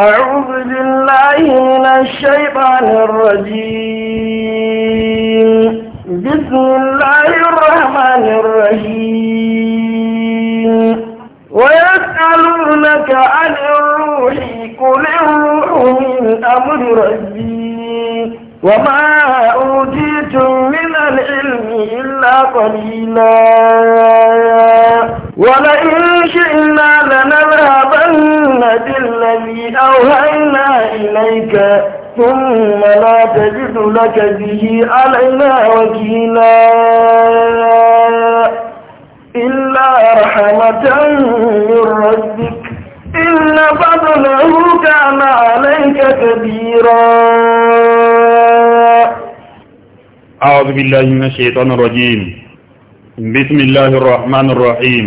أعوذ بالله من الشيطان الرجيم بسم الله الرحمن الرحيم ويسألونك عن الروح قل الروح من أمر ربي وما أوتيتم من العلم إلا قليلا ولئن شئنا لنذهب محمد الذي أوحينا إليك ثم لا تجد لك به علينا وكيلا إلا رحمة من ربك إن فضله كان عليك كبيرا أعوذ بالله من الشيطان الرجيم بسم الله الرحمن الرحيم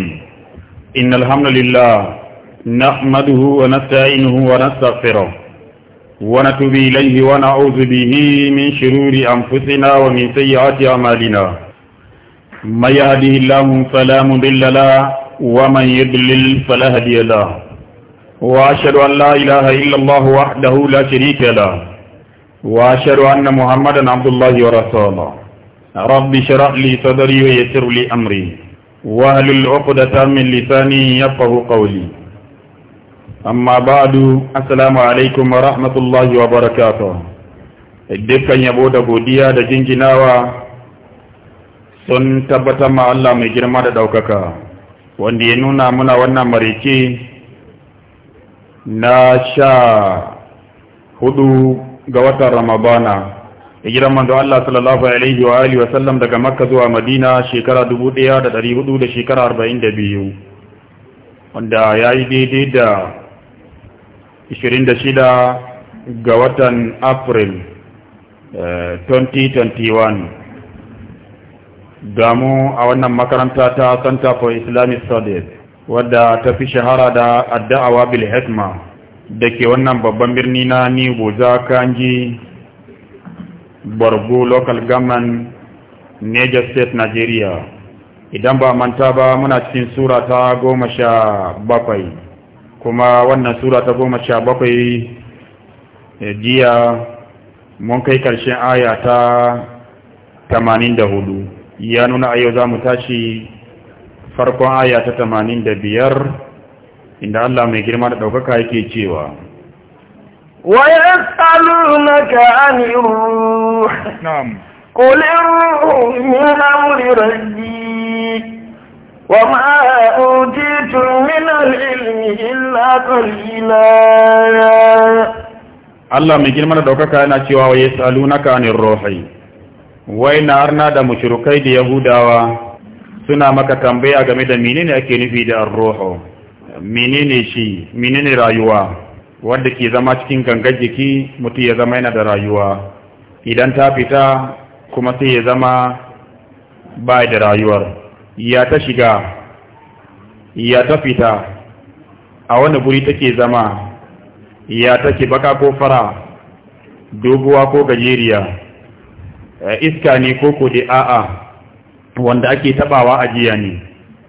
إن الحمد لله نحمده ونستعينه ونستغفره ونتوب إليه ونعوذ به من شرور أنفسنا ومن سيئات أعمالنا من يهده الله فلا مضل له ومن يضلل فلا هدي له وأشهد أن لا إله إلا الله وحده لا شريك له وأشهد أن محمدا عبد الله ورسوله رب اشرح لي صدري ويسر لي أمري واهل العقدة من لساني يفقه قولي amma ba'du assalamu alaikum wa rahmatullahi wa barakatuh dukkan yabo da godiya da jinjinawa sun tabbatar ma Allah mai girma da daukaka wanda ya nuna muna wannan marike na sha hudu ga watan ramadana hijiran manzo Allah sallallahu alaihi wa alihi wa sallam daga Makka zuwa Madina shekara 1400 da shekara 42 wanda yayi daidai da 26 ga watan april 2021 eh, damu a wannan makaranta ta center for islamic studies wadda ta fi shahara da adda'awa bil hikma da ke wannan babban birni na nibuza kanji borgu local government niger state nigeria idan ba manta ba muna cikin sura ta goma sha bakwai kuma wannan sura ta goma sha bakwai eh, jiya mun kai karshen aya ta tamanin da hudu ya nuna a yau za mu tashi farkon aya ta tamanin da biyar inda Allah mai girma da ɗaukaka yake cewa ويسألونك عن الروح نعم قل الروح من أمر ربي وما Allah mai girma da ɗaukaka yana cewa wa yasalu ka ne rohai, wai na arna da mushrikai da Yahudawa suna maka tambaya game da menene ake nufi da arroho, menene shi, menene rayuwa, wanda ke zama cikin gangar jiki mutu ya zama yana da rayuwa, idan ta fita kuma sai ya zama ba da rayuwar, ya ta shiga, ya ta fita, a wani guri take zama ya take baka ko fara doguwa ko gajeriya eh, iska ne ko kodi a'a wanda ake tabawa a jiya ne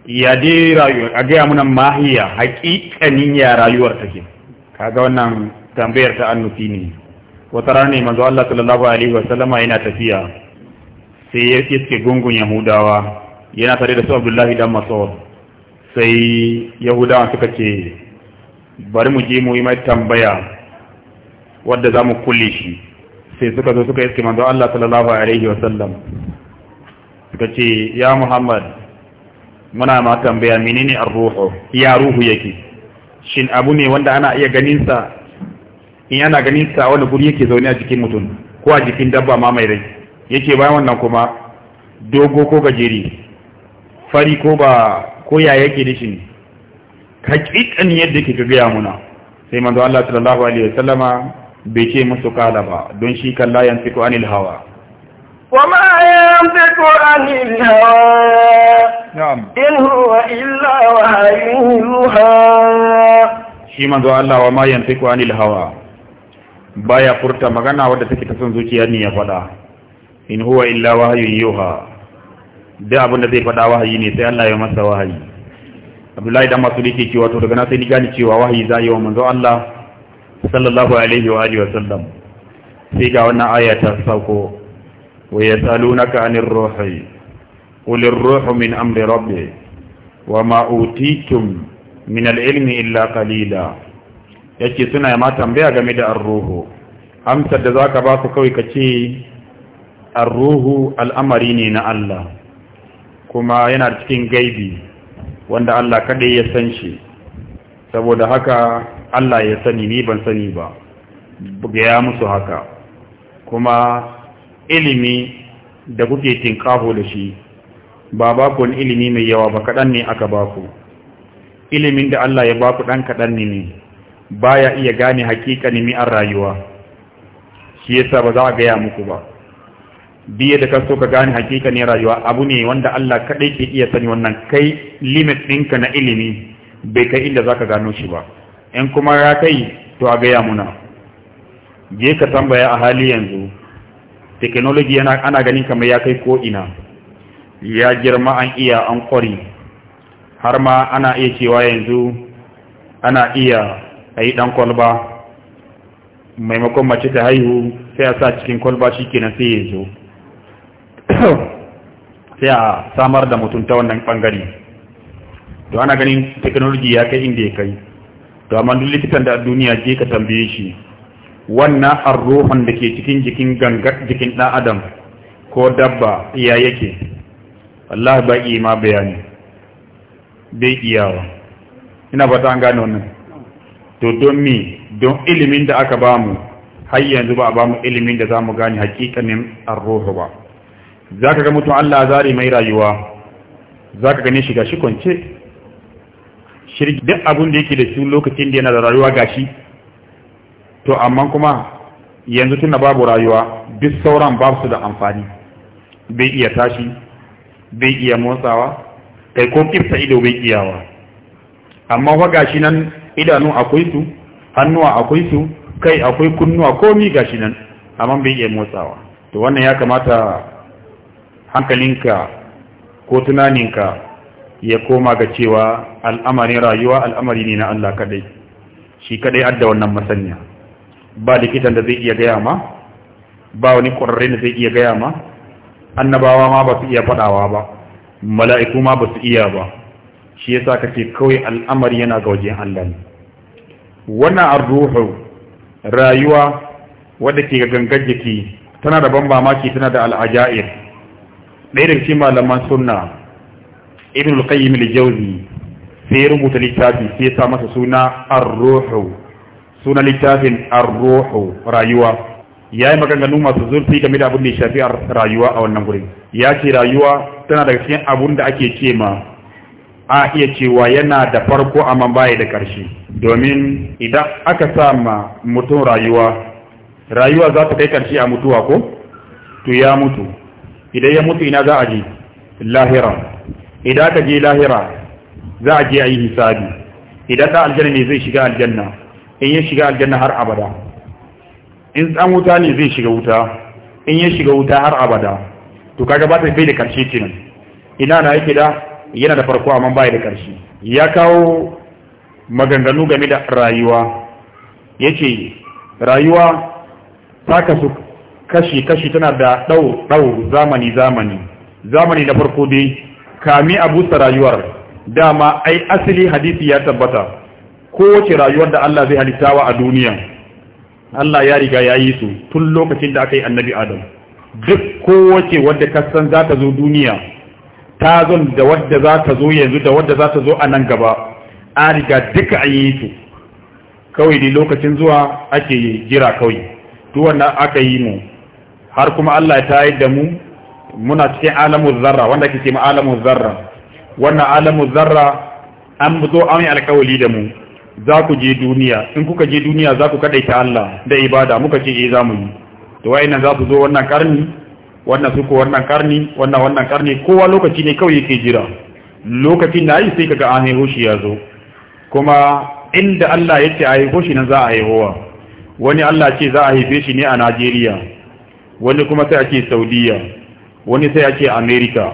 ya dai rayuwar a gaya munan mahiya hakikanin ya rayuwar take kaga wannan tambayar ta annufi ne wata rana ne manzo Allah sallallahu alaihi wasallama yana tafiya sai ya iske gungun yahudawa yana tare da su Abdullahi dan Mas'ud sai yahudawa suka ce bari mu je mu yi mai tambaya wadda za mu kulle shi sai suka zo suka iske manzo Allah sallallahu alaihi wa sallam suka ce ya Muhammad muna ma tambaya menene ar-ruhu ya ruhu yake shin abu ne wanda ana iya ganin sa in ana ganin sa wani guri yake zaune a jikin mutum ko a jikin dabba ma mai rai yake bayan wannan kuma dogo ko gajeri fari ko ba ko ya yake da shi hakikan yadda ke ga gaya muna sai manzo Allah sallallahu alaihi wasallama bai ce musu kala ba don shi kan layan yantiku anil hawa wa ma yantiku anil hawa na'am in huwa illa wahyun yuha shi manzo Allah wa ma yantiku anil hawa baya furta magana wadda take ta son zuciya ne ya faɗa in huwa illa wahyun yuha da abin da zai faɗa wahayi ne sai Allah ya masa wahayi abdullahi dan masu yake cewa to daga na sai ni gane cewa wahayi za yi wa manzo Allah sallallahu alaihi wa alihi wa sallam sai ga wannan aya ta sauko wa yasalunaka anir ruhi qul ruhu min amri rabbi wa ma utitum min al-ilmi illa qalila yace suna ma tambaya game da ruhu amsar da zaka ba su kawai kace ar-ruhu al'amari ne na Allah kuma yana cikin gaibi wanda Allah kadai ya san shi saboda haka Allah ya sani ni ban sani ba gaya musu haka kuma ilimi da kuke tinkaho da shi ba ba ku ilimi mai yawa ba kaɗan ne aka ba ku ilimin da Allah ya ba ku ɗan kaɗan ne baya iya gane hakikanin mi'ar rayuwa shi yasa ba za a gaya muku ba biye da kaso ka gane hakika ne rayuwa abu ne wanda Allah kaɗai ke iya sani wannan kai limit ɗinka na ilimi bai kai inda ka gano shi ba in kuma ya kai to a gaya muna je ka tambaya a hali yanzu technology yana ana ganin kamar ya kai ko ina ya girma an iya an kwari har ma ana iya cewa yanzu ana iya a yi ɗan kwalba maimakon mace ta haihu sai a sa cikin kwalba shi kenan sai yanzu. sai a samar da mutum ta wannan bangare to ana ganin technology ya kai inda ya kai to amma duk likitan da duniya je ka tambaye shi wannan arrohan da ke cikin jikin gangar jikin dan adam ko dabba ya yake Allah ba iya ma bayani bai iyawa ina fata an gane wannan to don mi don ilimin da aka bamu har yanzu ba a bamu ilimin da zamu gane hakikanin arruhu ba za ka ga mutum Allah zari mai rayuwa za ka gane shi kwance shirgi duk abin da yake da su lokacin da yana da rayuwa ga shi? to amma kuma yanzu tunda babu rayuwa duk sauran babu su da amfani bai iya tashi bai iya motsawa kai ko kifta ido bai iyawa amma fa gashi nan idanu akwai su hannuwa akwai su kai akwai kunnuwa komi gashi nan amma bai iya motsawa to wannan ya kamata hankalinka ko tunaninka ya koma ga cewa al'amarin rayuwa al'amari ne na Allah kadai shi kadai adda wannan masanya. ba likitan da zai iya gaya ma ba wani ƙwararre da zai iya gaya ma annabawa ma ba su iya faɗawa ba mala'iku ma ba su iya ba shi yasa kace kawai al'amari yana ga wajen Allah ne wannan arruhu rayuwa wadda ke ga gangar jiki tana da ban mamaki tana da al'ajair ɗaya daga cikin malaman sunna ibn al-qayyim al-jawzi sai ya rubuta littafi sai ya sa masa suna ar-ruhu suna littafin ar-ruhu rayuwa ya yi maganganu masu zurfi game da abin da ya shafi rayuwa a wannan gurin ya ce rayuwa tana daga cikin abun da ake ce ma a iya cewa yana da farko amma baya da ƙarshe domin idan aka sa ma mutum rayuwa rayuwa za ta kai ƙarshe a mutuwa ko to ya mutu idan ya mutu ina za a je lahira idan ka je lahira za a je a yi hisabi idan ta aljanna ne zai shiga aljanna in ya shiga aljanna har abada in tsan wuta ne zai shiga wuta in ya shiga wuta har abada to kaga ba ta bai da karshe kenan ina na yake da yana da farko amma bai da karshe ya kawo maganganu game da rayuwa yace rayuwa ta kasu kashi-kashi tana da ɗau zamani-zamani zamani na farko dai kami a busa rayuwar dama ai asali hadisi ya tabbata kowace rayuwar da Allah zai halittawa a duniya Allah ya riga ya yi su tun lokacin da aka yi annabi Adam duk kowace wadda kasan za ta zo duniya ta zo da wadda za ta zo yanzu da wadda za ta zo a nan gaba a riga duka an yi su kawai ne lokacin zuwa ake jira kawai duk aka yi mu har kuma Allah ta yi da mu muna cikin alamu zarra wanda ke kima alamu zarra wannan alamu zarra an zo an yi alkawali da mu za ku je duniya in kuka je duniya za ku kaɗai ta Allah da ibada muka ce eh, za mu yi to waina za ku zo wannan karni wannan suko wannan karni wannan wannan karni kowa lokaci ne kawai yake jira lokaci na yi sai kaga an haihu shi ya zo kuma inda Allah ya ce a haihu shi nan za a haihuwa wani Allah ce za a haife shi ne a Najeriya wani kuma sai ake saudiya wani sai ake Amerika.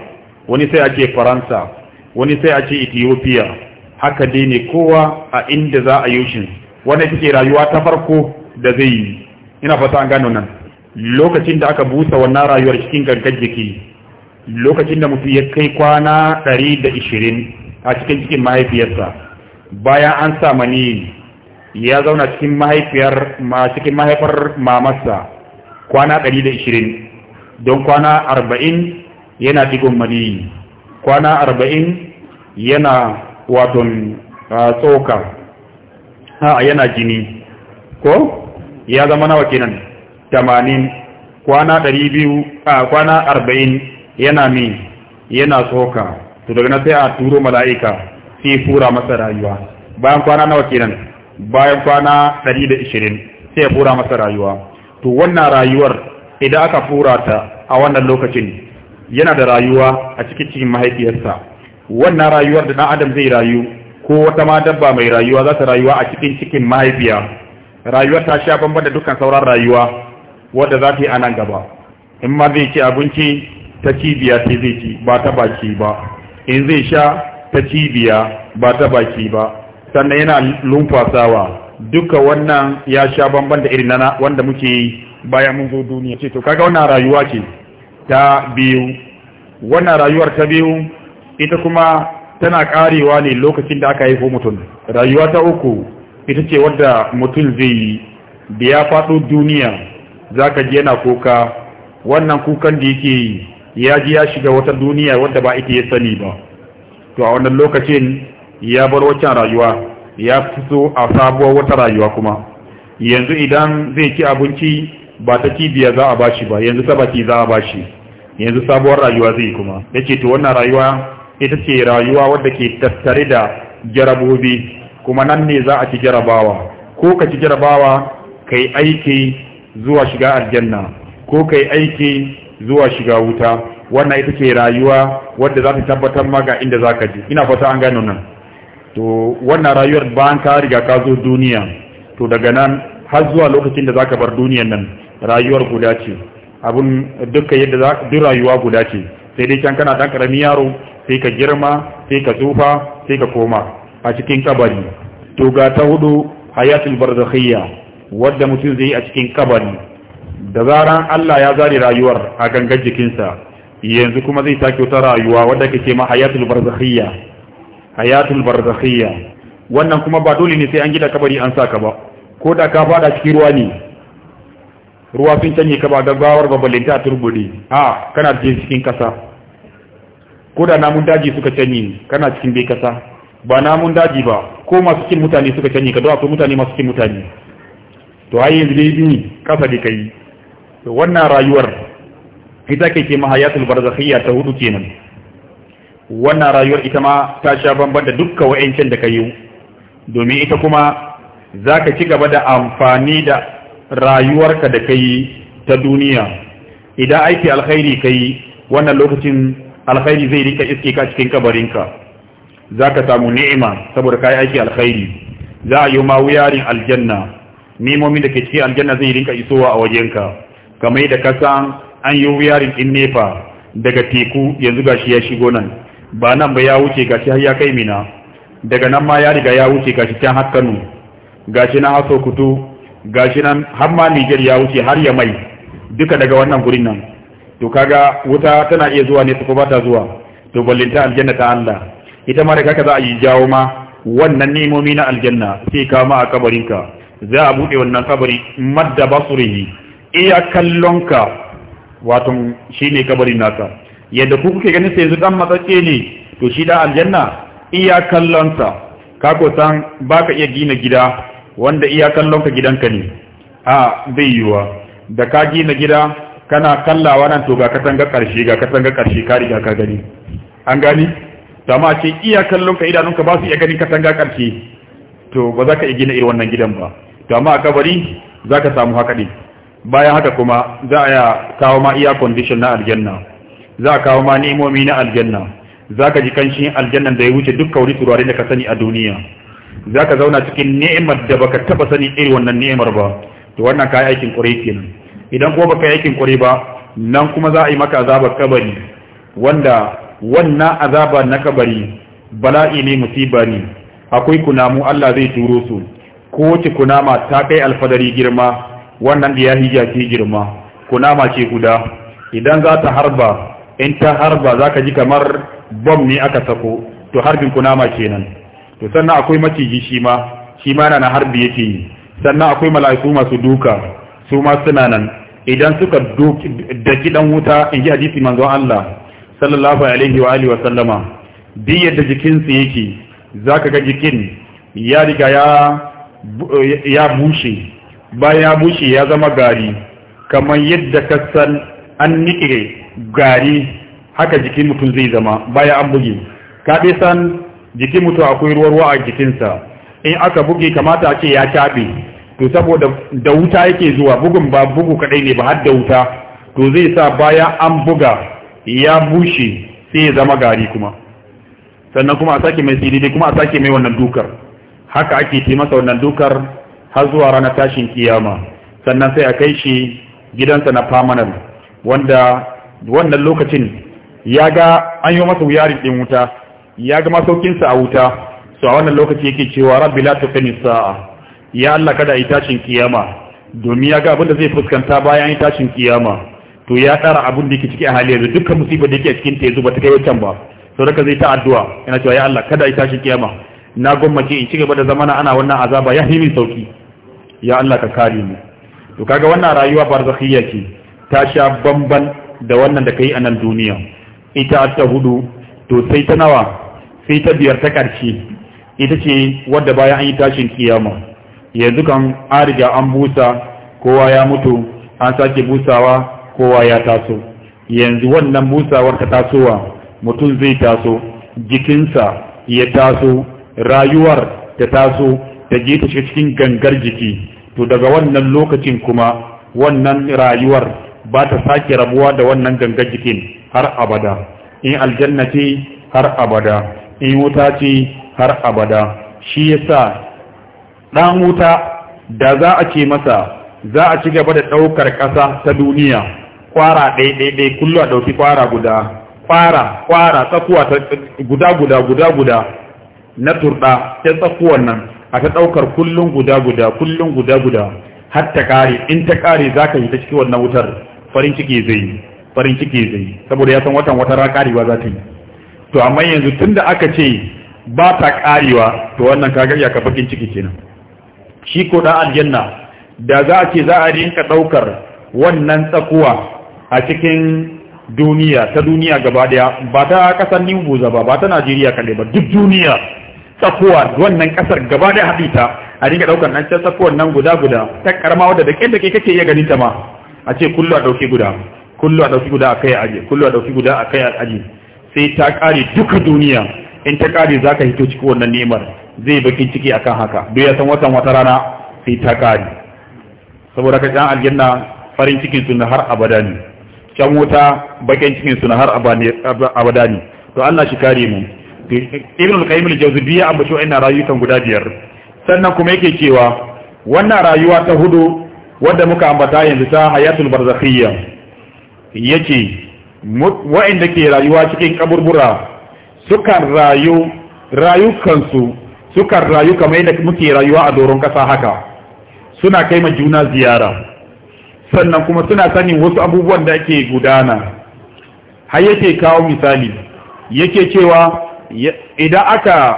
wani sai ake faransa wani sai ake ethiopia haka dai ne kowa a inda za a yi wannan ita rayuwa ta farko da zai yi ina fata an gano nan lokacin da aka busa wannan rayuwar cikin gangar jiki lokacin da mutum ya kai kwana ɗari da ishirin a cikin cikin mahaifiyarsa bayan an sa mani ya zauna cikin mahaifiyar cikin mahaifar mamarsa kwana 120 don kwana 40 yana digon maniyi kwana 40 yana waton tsoka ha yana jini ko ya zama nawa kenan 80 kwana 200 a kwana 40 yana mi yana tsoka to daga sai a turo mala'ika sai fura masa rayuwa bayan kwana nawa kenan bayan kwana 120 sai ya fura masa rayuwa to wannan rayuwar idan aka fura ta a wannan lokacin yana da rayuwa a cikin cikin mahaifiyarsa wannan rayuwar da dan adam zai rayu ko wata ma dabba mai rayuwa za ta rayuwa a cikin cikin mahaifiya rayuwar ta sha bamban da dukkan sauran rayuwa wadda za ta yi a nan gaba in ma zai ci abinci ta cibiya sai zai ci ba ta baki ba in zai sha ta cibiya ba ta baki ba sannan yana lumfasawa duka wannan ya sha bamban da irin nana wanda muke bayan mun zo duniya ce to kaga wannan rayuwa ce ta biyu wannan rayuwar ta biyu ita kuma tana karewa ne lokacin da aka haifo mutum rayuwa ta uku ita ce wanda mutum zai yi da ya faɗo duniya za ka ji yana kuka wannan kukan da yake yi ya ji ya shiga wata duniya wadda ba ita ya sani ba to a wannan lokacin ya bar waccan rayuwa ya fito a sabuwar wata rayuwa kuma yanzu idan zai ci abinci ba ta cibiya za a bashi ba yanzu ta baki za a bashi yanzu sabuwar rayuwa zai kuma yace to wannan rayuwa ita ce rayuwa wadda ke tattare da jarabobi kuma nan ne za a ci jarabawa ko ka ci jarabawa kai aiki zuwa shiga aljanna ko kai aiki zuwa shiga wuta wannan ita ce rayuwa wadda za ta tabbatar maka inda za ka ji ina fata an gano nan to wannan rayuwar bayan ka riga ka zo duniya to daga nan har zuwa lokacin da zaka bar duniyan nan rayuwar guda ce abun dukkan yadda za duk rayuwa guda ce sai dai can kana dan karamin yaro sai ka girma sai ka tsufa sai ka koma a cikin kabari to ga ta hudu hayatul barzakhiyya wadda mutum zai yi a cikin kabari da zaran Allah ya zare rayuwar a gangan jikinsa yanzu kuma zai sake wata rayuwa wadda kake ma hayatul barzakhiyya hayatul barzakhiyya wannan kuma ba dole ne sai an gida kabari an saka ba ko da ka fada cikin ruwa ne ruwa sun canye ka ba gaggawar babalinta a turbude a kana cikin cikin kasa ko da namun daji suka canye kana cikin bai kasa ba namun daji ba ko masu cikin mutane suka canye ka dawo akwai mutane masu cikin mutane to ai yanzu dai bi kasa da kai to wannan rayuwar ita kake mahayatul barzakhiyya ta hudu kenan wannan rayuwar ita ma ta sha bamban da dukkan wa'ancin da ka yi domin ita kuma za ka ci gaba da amfani da rayuwarka da ka yi ta duniya idan aiki alkhairi ka yi wannan lokacin alkhairi zai rika iske ka cikin kabarinka za ka samu ni'ima saboda ka yi aiki alkhairi za a yi ma wuyarin aljanna nemomin da ke cikin aljanna zai rinka isowa a wajenka kamar da ka an yi wuyarin in nefa daga teku yanzu gashi ya shigo nan ba nan ba ya wuce gashi har ya kai mina daga nan ma ya riga ya wuce gashi can har Kano gashi nan aso kutu gashi nan har ma Niger ya wuce har ya mai duka daga wannan gurin nan to kaga wuta tana iya zuwa ne ko ba ta zuwa to ballinta aljanna ta Allah ita ma da kaka za a yi jawo ma wannan nemomi na aljanna sai ka ma a ka za a buɗe wannan kabari madda basurihi iya kallonka wato shine kabarin naka yadda ku kuke ganin sai yanzu dan matsatse ne to shi da aljanna iya kallonsa ka ko san baka iya gina gida wanda iya kallonka gidanka ne a bai yiwa da ka gina gida kana kallawa nan to ga katanga karshe ga katanga karshe ka riga ka gani an gani dama ce iya kallonka idanunka ba su iya ganin katanga karshe to ba za ka iya gina irin wannan gidan ba to amma a kabari za ka samu haka ne bayan haka kuma za a kawo ma iya condition na aljanna za a kawo ma ni'imomi na aljanna za ka ji kanshin aljannan da ya wuce duk kauri turare da ka sani a duniya za ka zauna cikin ni'imar da baka taba sani irin wannan ni'imar ba to wannan kayi aikin kwarai kenan idan kuma baka yi aikin ƙure ba nan kuma za a yi maka azabar kabari wanda wannan azaba na kabari bala'i ne musiba ne akwai kunamu Allah zai turo su ko ci kunama ta kai alfadari girma wannan da ya hija ce girma kunama ce guda idan za ta harba in ta harba za ka ji kamar bom ne aka sako to harbin kunama kenan to sannan akwai maciji shi ma shi ma na harbi yake yi sannan akwai mala'iku masu duka su ma suna nan idan suka daki dan wuta in ji hadisi manzon Allah sallallahu alaihi wa alihi wa sallama bi yadda jikin su yake zaka ga jikin ya riga ya ya bushe bayan ya bushe ya zama gari kamar yadda ka san. an niƙe gari haka jikin mutum zai zama baya an buge ka dai san jikin mutum akwai ruwa a jikinsa in aka buge kamata a ce ya caɓe to saboda da wuta yake zuwa bugun ba bugu kaɗai ne ba har da wuta to zai sa baya an buga ya bushe sai ya zama gari kuma sannan kuma a sake mai sidi kuma a sake mai wannan dukar haka ake ce masa wannan dukar har zuwa ranar tashin kiyama sannan sai a kai shi gidansa na permanent wanda wannan lokacin ya ga an yi masa wuyarin ɗin wuta ya ga masaukinsa a wuta su a wannan lokaci yake cewa rabbi la tuqimi sa'a ya Allah kada yi tashin kiyama domin ya ga abin da zai fuskanta bayan yi tashin kiyama to ya tsara abin da yake ciki a hali yanzu dukkan musibar da yake a cikin ta yanzu ba ta kai wancan ba sau da zai ta addu'a yana cewa ya Allah kada yi tashin kiyama na gwammace in ci gaba da zamana ana wannan azaba ya yi min sauki ya Allah ka kare mu to kaga wannan rayuwa barzakhiyya ce ta sha bamban da wannan da kai a nan duniya ita ta hudu to sai ta nawa sai ta biyar ta ƙarshe ita ce wadda bayan an yi tashin kiyama yanzu kan an riga an busa kowa ya mutu an sake busawa kowa ya taso yanzu wannan busawar ta tasowa mutum zai taso jikinsa ya taso rayuwar ta taso ta je ta shiga cikin gangar jiki to daga wannan lokacin kuma wannan rayuwar ba ta sake rabuwa da wannan gangar jikin har abada in aljanna ce har abada in wuta ce har abada shi yasa dan wuta da za a ce masa za a ci gaba da daukar kasa ta duniya kwara dai kullu a ɗauki kwara guda kwara kwara tsakuwa ta guda guda guda guda na turɗa ta tsakuwan nan a ta ɗaukar kullum guda guda kullum guda guda har ta kare in ta kare za ka yi ta ciki wannan wutar farin ciki zai yi farin ciki zai yi saboda ya san watan wata ra karewa za ta yi to amma yanzu tunda aka ce ba ta karewa to wannan kaga ya ka bakin ciki kenan shi ko da aljanna da za a ce za a rinka daukar wannan tsakuwa a cikin duniya ta duniya gaba daya ba ta kasar New Buza ba ba ta Najeriya kaɗai ba duk duniya tsakuwa wannan kasar gaba daya haɗita a rinka daukar nan can tsakuwar nan guda guda ta karama wadda da kake kake iya ganin ta ma a ce kullu a ɗauki guda kullu a ɗauki guda a kai aji kullu a ɗauki guda a kai aji sai ta ƙare duka duniya in ta ƙare za ka hito cikin wannan ni'imar zai bakin ciki akan haka duk ya san watan wata rana sai ta ƙare saboda ka dan aljanna farin cikin su na har abada ne can wuta bakin cikin su na har abada ne to Allah shi kare mu ibn al-qayyim al-jawziyya ya wa ina rayukan guda biyar sannan kuma yake cewa wannan rayuwa ta hudu wadda muka ambata yanzu ta hayatul barzakhiyya yace wa'inda ke rayuwa cikin kaburbura sukan rayu rayukansu sukan rayu kamar yadda muke rayuwa a doron kasa haka suna kai ma juna ziyara sannan kuma suna sanin wasu abubuwan da ake gudana har yake kawo misali yake cewa idan aka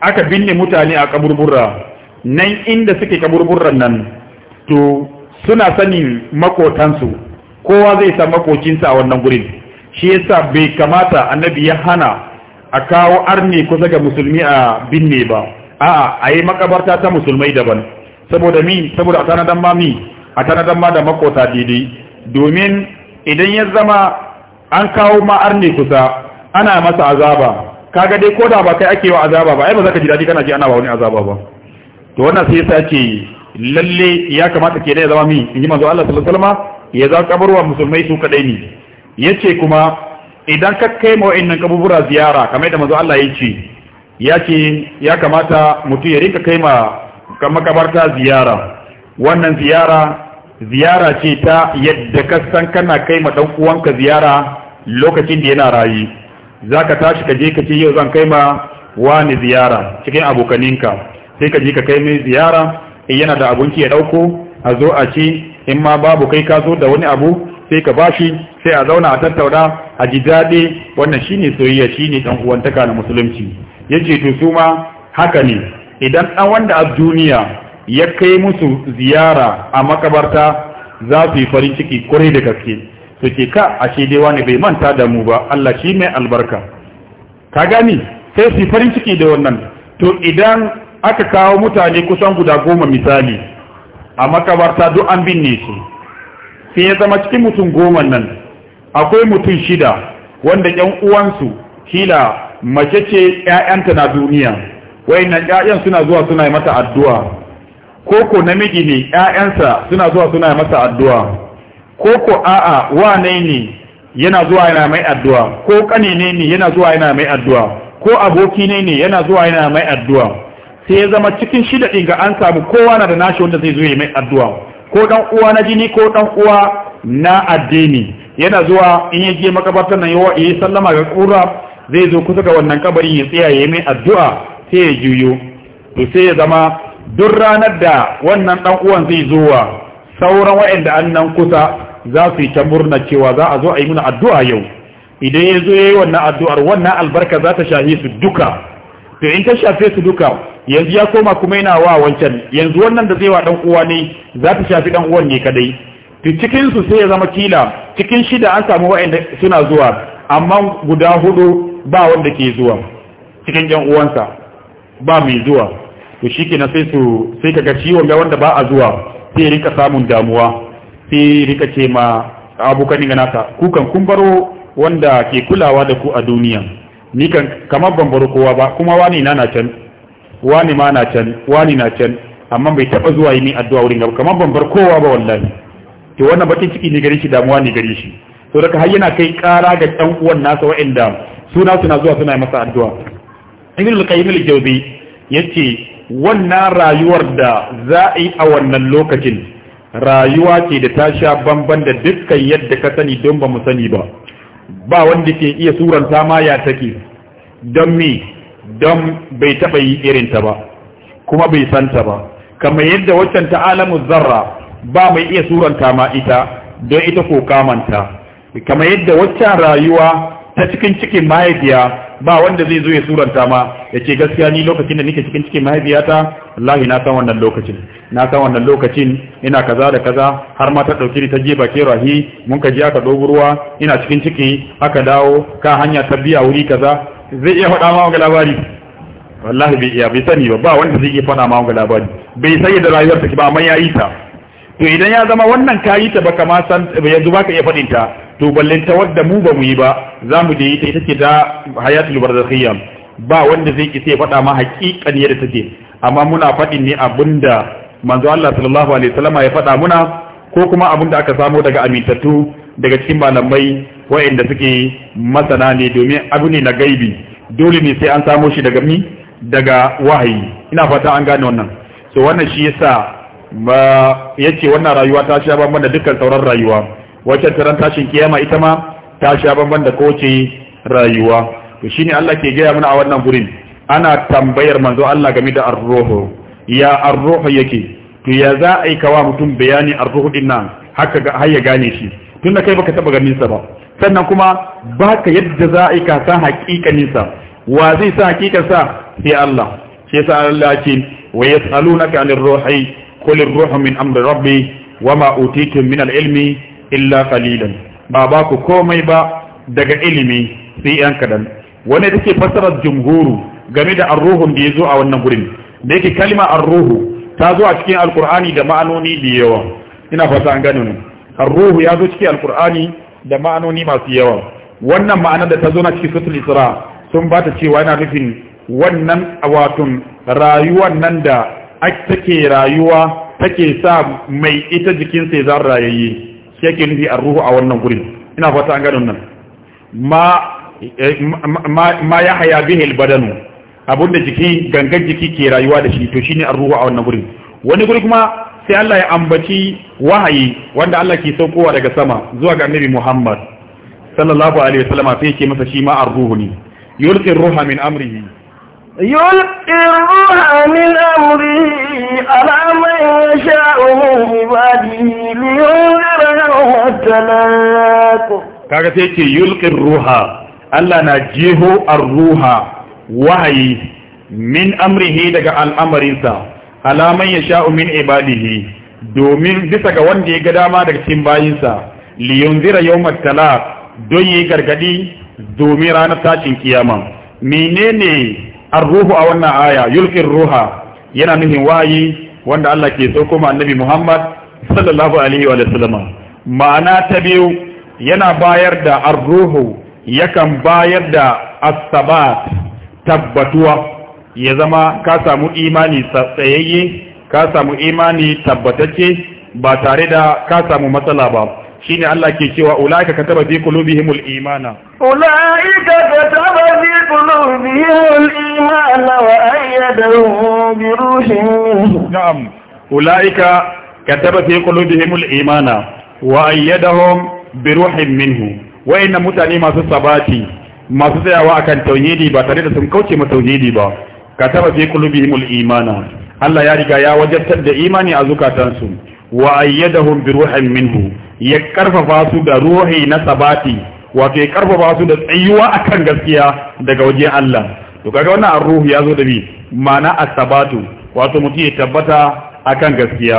aka binne mutane a kaburbura nan inda suke kaburburan nan to suna sani makotansu kowa zai sa makocinsa a wannan gurin shi yasa bai kamata annabi ya hana a kawo arni kusa ga musulmi a binne ba a'a a yi makabarta ta musulmai daban saboda mi saboda a tanadan ma mi a tanadan ma da makota daidai domin idan ya zama an kawo ma arni kusa ana masa azaba kaga dai ko da ba kai ake wa azaba ba ai ba za ka ji daɗi kana ji ana ba wani azaba ba to wannan sai yasa ce lalle ya kamata ke ya zama mi in ji manzo Allah sallallahu alaihi wasallam ya za kabarwa musulmai su kadai ne yace kuma idan ka kai ma wa'annan kaburbura ziyara kamar da manzo Allah ya ce ya kamata mutum ya rinka kai ma makabarta ziyara wannan ziyara ziyara ce ta yadda ka san kana kai ma dan uwanka ziyara lokacin da yana rayi zaka tashi ka je ka ce yau zan kai ma wani ziyara cikin abokaninka sai ka je ka kai mai ziyara in yana da abinci ya dauko a zo a ci in ma babu kai ka zo da wani abu sai ka bashi sai a zauna a tattauna a ji daɗe wannan shine soyayya shine dan uwantaka na musulunci yace to su ma haka ne idan dan wanda a duniya ya kai musu ziyara a makabarta za su yi farin ciki kwarai da gaske to ke ka a ce dai wani bai manta da mu ba Allah shi mai albarka ka gani sai su yi farin ciki da wannan to idan aka kawo mutane kusan guda goma misali a makabarta duk an binne su sai ya zama cikin mutum goma nan akwai mutum shida wanda yan uwansu kila mace ce ƴaƴanta na duniya nan ƴaƴan suna zuwa suna yi mata addu'a koko namiji ne ƴaƴansa suna zuwa suna yi masa addu'a koko a'a wane ne yana zuwa yana mai addu'a ko ƙanene ne ne yana zuwa yana mai addu'a ko aboki ne ne yana zuwa yana mai addu'a sai ya zama cikin shida ɗin ga an samu kowa na da nashi wanda zai zo ya mai addu'a ko dan uwa na jini ko dan uwa na addini yana zuwa in ya je makabartar nan yawa yi sallama ga kura zai zo kusa ga wannan kabarin ya tsaya ya mai addu'a sai ya juyo to sai ya zama duk ranar da wannan dan uwan zai zo sauran wa'anda an nan kusa za su yi ta murna cewa za a zo a yi mana addu'a yau idan ya zo ya yi wannan addu'ar wannan albarka za ta shafe su duka to in ta shafe su duka yanzu ya koma kuma yana wa wancan yanzu wannan da zai wa dan uwa ne za ta shafi dan uwan ne kadai to cikin su sai ya zama kila cikin shida an samu wa'anda suna zuwa amma guda hudu ba wanda ke zuwa cikin yan uwansa ba mai zuwa to shikenan sai su sai kaga ciwon ga wanda ba a zuwa sai rika samun damuwa sai rika ce ma abokan ga nasa kukan kun baro wanda ke kulawa da ku a duniya ni kan kamar ban baro kowa ba kuma wani na na can wani ma na can wani na can amma bai taba zuwa yi min addu'a wurin ga kamar ban bar kowa ba wallahi to wannan bakin ciki ne gare shi damuwa ne gare shi to daga har yana kai kara ga ɗan uwan nasa wa'anda suna suna zuwa suna masa addu'a ibn al-qayyim al-jawzi yace wannan rayuwar da za a yi a wannan lokacin rayuwa ce da ta sha bamban da dukkan yadda ka sani don ba mu sani ba ba wanda ke iya suranta ma ya take don me don bai taɓa yi irinta ba kuma bai santa ba kamar yadda waccan ta alamu zarra ba mai iya suranta ma ita don ita ko kamanta kamar yadda waccan rayuwa ta cikin cikin mahaifiya ba wanda zai zo ya suranta ma ya ce gaskiya ni lokacin da nike cikin cikin mahaifiyata wallahi na san wannan lokacin na san wannan lokacin ina kaza da kaza har ma ta dauki ta je bakin rahi mun ka je aka dogo ruwa ina cikin ciki aka dawo ka hanya ta biya wuri kaza zai iya faɗa ma ga labari wallahi bai iya bai sani ba ba wanda zai iya faɗa ma ga labari bai sai da rayuwar take ba amma ya yi ta to idan ya zama wannan kayi ta baka ma san yanzu baka iya faɗin ta to ballin ta wadda mu ba mu yi ba za mu je ita ita ce da hayatul barzakhiyya ba wanda zai ki sai faɗa ma haƙiƙan yadda take amma muna faɗin ne abinda manzo Allah sallallahu alaihi wasallam ya faɗa muna ko kuma abinda aka samu daga amintattu daga cikin malamai wa'inda suke masana ne domin abu ne na gaibi dole ne sai an samo shi daga mi daga wahayi ina fata an gane wannan so wannan shi yasa yace wannan rayuwa ta sha bamban da dukkan sauran rayuwa wacce taran tashin kiyama ita ma ta sha bamban da kowace rayuwa to shine Allah ke gaya mana a wannan gurin ana tambayar manzo Allah game da ar-ruhu ya ar-ruhu yake to ya za a yi kawa mutum bayani ar-ruhu din nan haka har ya gane shi tunda kai baka taba ganin sa ba sannan kuma baka yadda za a yi ka san haƙiƙaninsa wa zai san haƙiƙarsa sai Allah shi yasa Allah ce wa yas'alunaka 'anil ruhi qul ar-ruhu min amri rabbi wama utitum min al-ilmi illa qalilan ba ba ku komai ba daga ilimi sai yan kadan wanda take fasarar jumhuru game da ar-ruhun da yazo a wannan gurin da yake kalma ar-ruhu ta zo a cikin alqur'ani da ma'anoni da yawa ina fata an gane ne ar-ruhu ya zo cikin alqur'ani da ma'anoni masu yawa wannan ma'anar da ta zo na cikin sutul isra sun ba ta cewa yana nufin wannan awatun rayuwan nan da take rayuwa take sa mai ita jikin sai zan rayayye shi yake nufi a ruhu a wannan gurin ina fata an gano nan ma eh, ya haya bihil badanu abinda jiki gangan jiki ke rayuwa da shi to shine a ruhu a wannan gurin wani guri kuma sai Allah ya ambaci wahayi wanda Allah ke saukowa daga sama zuwa ga annabi Muhammad sallallahu alaihi wasallam sai yake masa shi ma ruhu ne yulqi ruha min amrihi yulqi ruha min amrihi ala man yasha'u min ibadihi liyunzira yawma talaq kaga sai yake yulqi ruha Allah na jeho ruha, wahayi min amrihi daga al'amarinsa alaman ya sha min ibadihi domin bisa ga wanda ya ga dama daga cikin bayinsa liyun zira yau matala don yi gargadi domin ranar tashin kiyama menene ruhu a wannan aya yulkin ruha yana nufin wayi wanda Allah ke so, kuma annabi Muhammad sallallahu alaihi wa sallama ma'ana ta biyu yana bayar da ruhu yakan bayar da asabat tabbatuwa ya zama ka samu imani tsayayye ka samu imani tabbatacce ba tare da ka samu matsala ba shine Allah ke cewa ulaika kataba fi qulubihimul imana ulaika kataba fi qulubihimul imana wa ayyadahum bi ruhin na'am ulaika kataba fi qulubihimul imana wa ayyadahum bi ruhin minhu wa'inna mutane masu sabati masu tsayawa akan tauhidi ba tare da sun kauce ma tauhidi ba kataba fi qulubihimul imana Allah ya riga ya wajabtar da imani a zukatansu wa ayyadahum bi ruhin minhu ya karfafa su da ruhi na sabati wato ya karfafa su da tsayuwa akan gaskiya daga waje Allah to kaga wannan ar-ruhu yazo da bi ma'ana as-sabatu wato mutum ya tabbata akan gaskiya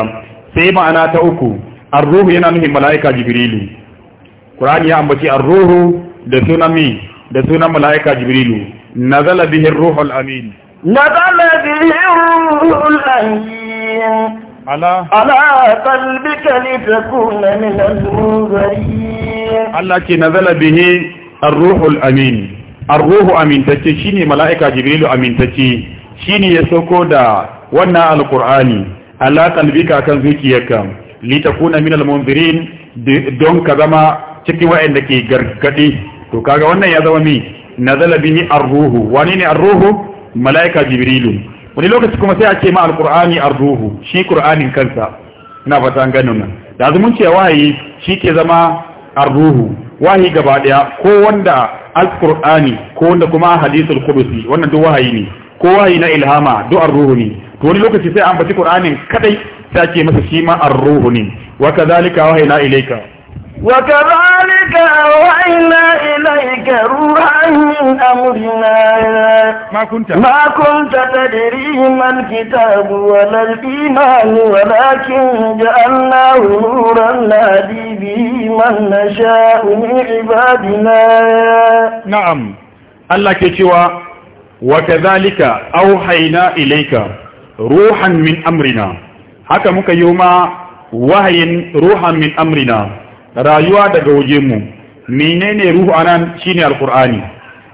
sai ma'ana ta uku ar-ruhu yana nufin mala'ika jibrilu Qur'ani ya ambaci ar-ruhu da sunami da sunan mala'ika jibrilu nazala bihi ar-ruhul amin na zalabin ruhun Ala kalbika ne ta kuna minan ruhari. Allah ke na zalabihi an ruhul amin, an ruhu shi ne mala’ika jibrilu Amintace, shi ne ya soko da wannan alƙur'ani. Allah kalbika kan zukiyarka, li ta kuna minan munzirin don ka zama cikin wa’in ke gargaɗe. To, kaga wannan ya zama mi, na zalabihi an ruhu, wani ne an mala'ika jibrilu wani lokaci kuma sai a ce ma alqur'ani arduhu shi qur'anin kansa ina fata an gano nan da azumin ce wahayi shi ke zama arduhu wahayi gaba daya ko wanda alqur'ani ko wanda kuma hadithul qudsi wannan duk wahayi ne ko wahayi na ilhama duk arduhu ne to wani lokaci sai an baci qur'anin kadai sai a ce masa shi ma arruhu ne wa kadhalika wahayna ilayka وكذلك أوحينا إليك روحا من أمرنا ما كنت ما كنت تدري ما الكتاب ولا الإيمان ولكن جعلناه نورا نهدي به من نشاء من عبادنا نعم الله كتوى وكذلك أوحينا إليك روحا من أمرنا حكمك يوما وهي روحا من أمرنا rayuwa daga waje mu menene ruhu anan shine alqur'ani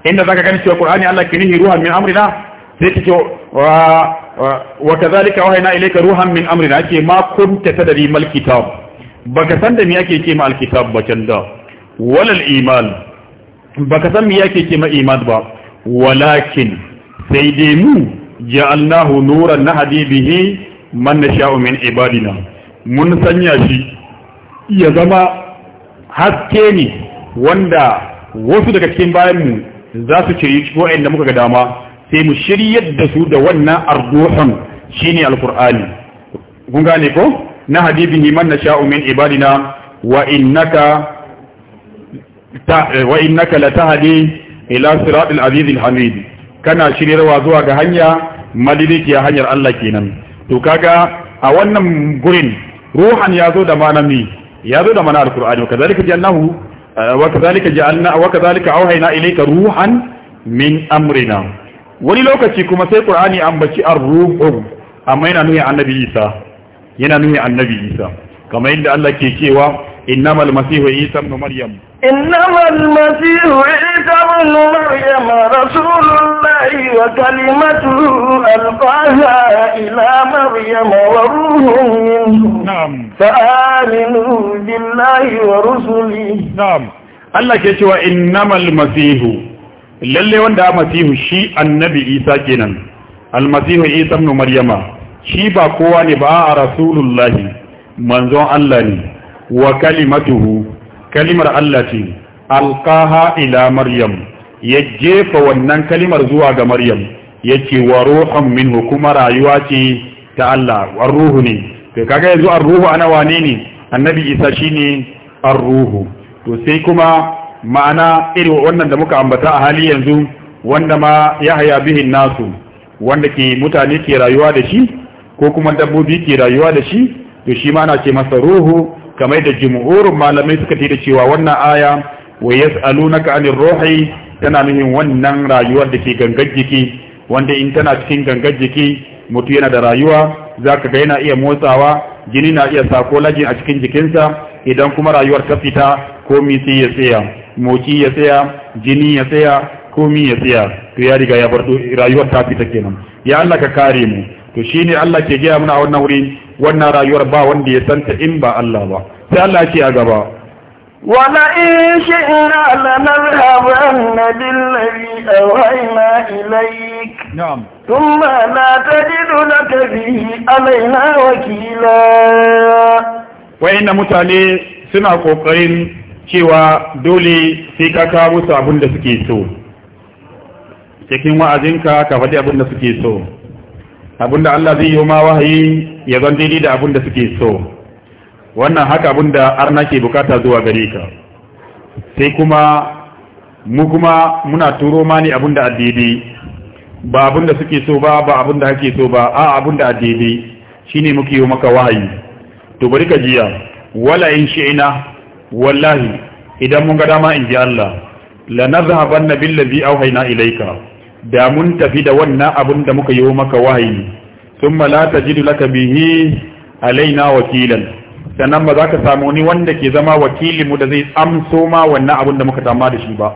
inda zaka gani cewa qur'ani Allah ke nihi ruhan min amrina sai ce wa wa kadhalika wahayna ilayka ruhan min amrina ake ma kunta tadri mal kitab baka san da me yake ce ma alkitab ba can da walal iman baka san me yake ce ma iman ba walakin sai dai mu ja'alnahu nuran nahdi bihi man nasha'u min ibadina mun sanya shi ya zama haske ne wanda wasu daga cikin bayanmu za su ce wa'anda muka ga dama sai mu shiryar da su da wannan arduhan shine alqur'ani kun gane ko na habibihi man nasha'u min ibadina wa innaka wa innaka latahdi ila siratil azizil hamid kana shiryarwa zuwa ga hanya ya hanyar Allah kenan to kaga a wannan gurin ruhan ya zo da manami ya zo da mana alkur'ani kazalika ja'alnahu eh, wa kazalika ja'alna wa kazalika auhayna ilayka ruhan min amrina wani lokaci kuma sai qur'ani ambaci ar-ruhu amma yana nuna annabi Isa yana annabi Isa kamar yadda Allah ke cewa إنما المسيح عيسى ابن مريم إنما المسيح عيسى ابن مريم رسول الله وكلمته ألقاها إلى مريم وروح منه نعم فآمنوا بالله ورسله نعم Allah ke cewa innamal masihu lalle wanda masihu shi annabi Isa kenan almasihu Isa ibn Maryama shi ba kowa ne ba a rasulullahi manzon Allah ne wa kalimatuhu kalimar Allah ce alqaha ila maryam ya jefa wannan kalimar zuwa ga maryam yace wa ruhun minhu kuma rayuwa ce ta Allah wa ruhu ne to kaga yanzu ar-ruhu ana wane ne annabi isa shine ar-ruhu to sai kuma ma'ana irin wannan da muka ambata a hali yanzu wanda ma ya bihin nasu wanda ke mutane ke rayuwa da shi ko kuma dabbobi ke rayuwa da shi to shi ma na ce masa ruhu kamar da jumhurin malamai suka ce da cewa wannan aya wa yas'alunaka anir ruhi tana nuhin wannan rayuwar da ke gangar jiki wanda in tana cikin gangar jiki mutu yana da rayuwa zaka ga yana iya motsawa jini na iya sako lajin a cikin jikinsa idan kuma rayuwar ta fita komi sai ya tsaya moci ya tsaya jini ya tsaya komi ya tsaya to ya riga ya bar rayuwar ta fita kenan ya Allah ka kare mu to shine Allah ke gaya mana a wannan wurin. wannan rayuwar ba wanda ya santa in ba Allah ba sai Allah ce a gaba wala in shi'na lanarhaban billazi awhayna ilayk na'am thumma la tajidu laka bihi alaina wakila wayanna mutane suna kokarin cewa dole sai ka kawo musu abin suke so cikin wa'azinka ka faɗi abinda suke so abinda Allah zai yi ma wahayi ya zan daidai da abinda suke so wannan haka abinda arna ke bukata zuwa gare ka sai kuma mu kuma muna turo ma ne abinda addini ba abinda suke so ba ba abinda hake so ba a abinda addini shine muke yi maka wahayi to bari ka jiya wala in shi'ina wallahi idan mun ga dama in ji Allah la nazhabanna billazi auhayna ilayka da mun tafi da wannan abun da muka yi maka wahayi thumma ji tajidu laka bihi alaina wakilan sannan ba za ka samu ni wanda ke zama wakilinmu mu da zai amso ma wannan abun da muka tama da shi ba